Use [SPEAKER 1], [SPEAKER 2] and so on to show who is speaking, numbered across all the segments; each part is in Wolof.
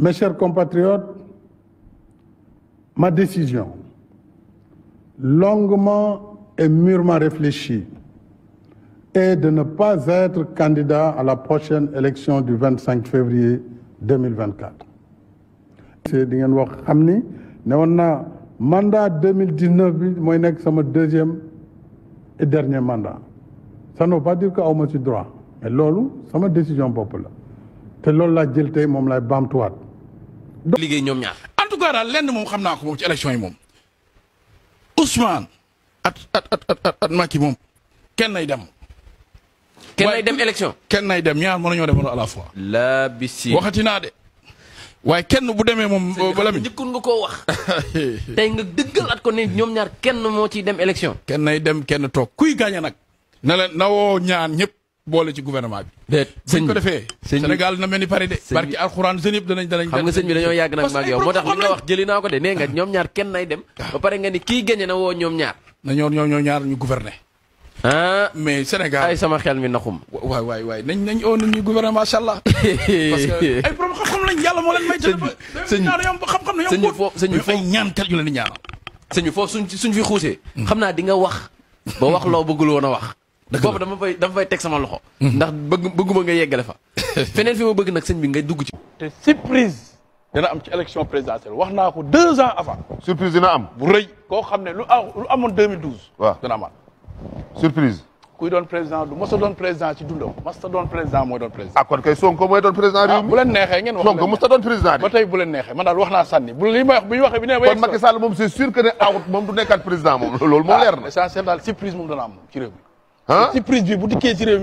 [SPEAKER 1] Mes chers compatriotes, ma décision, longuement et mûrement réfléchie, est de ne pas être candidat à la prochaine élection du 25 février 2024. C'est ce que wax veux mandat 2019 c'est mon deuxième et dernier mandat ça ne veut pas dire que je suis droit mais c'est ma décision populaire. C'est ce que
[SPEAKER 2] liggéey ñoom ñaar. en daal lenn moom xam naa ko moom ci élection yi moom Ousmane at at at at moom kenn ay dem. kenn dem élection kenn ay dem ñaar mën nañoo demoon à la fois. bisi waxati naa de. waaye kenn bu demee moom njëkkul nga koo wax. tey nga dëggalaat ko ne ñoom ñaar kenn moo ciy dem élection. kenn nay dem kenn toog kuy gaañe nag. na leen na woo ñaan ñëpp. bolé ci gouvernement bi. déet ko defee. Sénégal na melni paré dé barki alcorane zénib dañ dañ xam nga sëñ bi dañu yag nak maag yow motax tax li nga wax jëli naa ko dé né nga ñom ñaar kenn nay dem. Ah. ba paré nga ni ki gëñé na wo ñom ñaar. na ñor ñoo ñoo ñaar ñu gouverner. ah mais Sénégal ay sama xel mi naxum. way way way nañ nañ oo nañ ñu gouverner sha allah. parce que ay problème xam-xam lañ yàlla moo leen may. sëñ xam sëñ bi sëñ fo foofu fo ñaan tel ñu ñaanal. ñaan bi fo suñ suñ fi xuusee. Hmm. xamna di nga wax ba wax lo bëggul wona wax boobu dama fay dama fay teg sama loxo mhm. ndax bëgg bëgguma ma bëgg nag sëñ bi ngay dugg ci te surprise dina am ci élection présidentielle wax naa ko deux ans avant surprise dina am bu rëy koo xam ne lu amoon 2012 surprise kuy doon président du mos a doon président a doon président mooy doon président ah kay Sonko mooy doon président ah, bu leen neexee ngeen wax Sonko doon président bi ba tey bu leen neexee man daal wax naa sànni bu li ma bu ñu waxee bi ne kon Macky Sall moom c'est ah surprise bi bu dikkee ci réew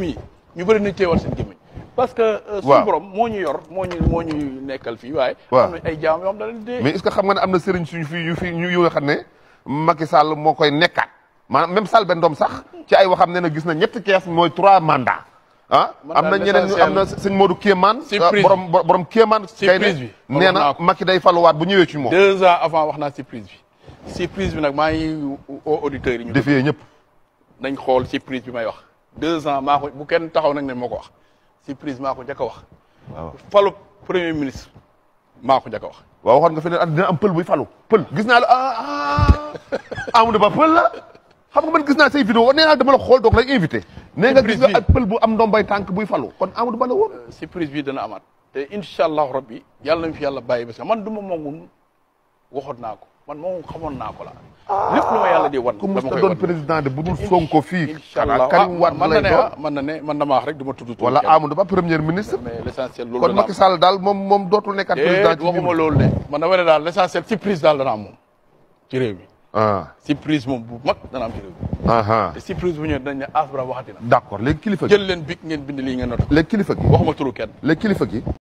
[SPEAKER 2] ñu bëri nañ teewal seen gémmiñ parce que euh, suñu borom moo ñu yor moo ñu moo ñu nekkal fii waaye am na ay jaam yoo xam ne ne am na sëriñ suñu fi fi ñu yu nga xam ne Macky Sall moo koy nekkaat maanaam même Sall benn sax ci ay waxam ne na gis na ñetti kees mooy trois mandats ah am na ñeneen ñu am na sëñ Modou Kéemaan borom borom Kéemaan surprise bi nee na Macky day faluwaat bu ñëwee ci moom deux avant wax naa surprise bi surprise bi nag maa ngi au auditeurs yi ñu defee ñëpp nañ xool surprise bi may wax deux ans maa ko bu kenn taxaw nañ ne moo ko wax surprise maa ko njëkk wax. waaw falu premier ministre maa ko wax. waaw waxoon nga fi ne am pël buy falu pël gis naa la ah ah Ba pël la xam nga man gis naa say vidéo nee naa dama la xool doog lay invité. nee nga gis nga ak pël bu am ndombay tànk buy falu kon Amadou Ba la woon. Euh, surprise bi dana amaat. te incha allahu rabbi yàlla nañ fi yàlla bàyyi bés man du ma moomu waxoon naa ko. man moom xamoon naa ko la. Ah, lépp lu ma yàlla di wan. dama koy wan ku mu doon président de budul Sonko fii. incha allah ah, Karim lay doon ah, man na ne rek du ma tudd. wala Amadou Ba premier ministre. mais l' essentiel daal waxuma loolu de man dama ne daal l' essentiel surprise daal dana am moom ci réew mi. surprise moom bu mag dana am ci réew mi. te surprise bu ñëwee kilifa gi jël leen bi ngeen bind lii ngeen nota. kilifa gi waxuma kilifa gi.